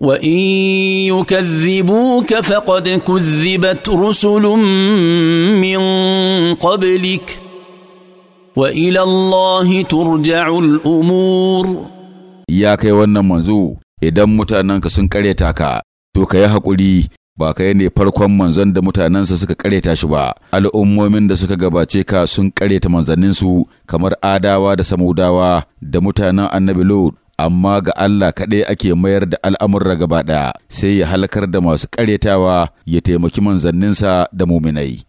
وان يكذبوك فقد كذبت رسل من قبلك والى الله ترجع الامور ya kai wannan manzo idan mutanenka sun karyata ka to ka yi haƙuri ba kai ne farkon manzon da mutanensa suka karyata shi ba al'ummomin da suka gabace ka sun karyata manzanninsu kamar adawa da samudawa da mutanen annabi lod amma ga Allah kaɗai ake mayar da al'amurra gaba ɗaya, sai ya halakar da masu ƙaryatawa ya taimaki manzanninsa da muminai.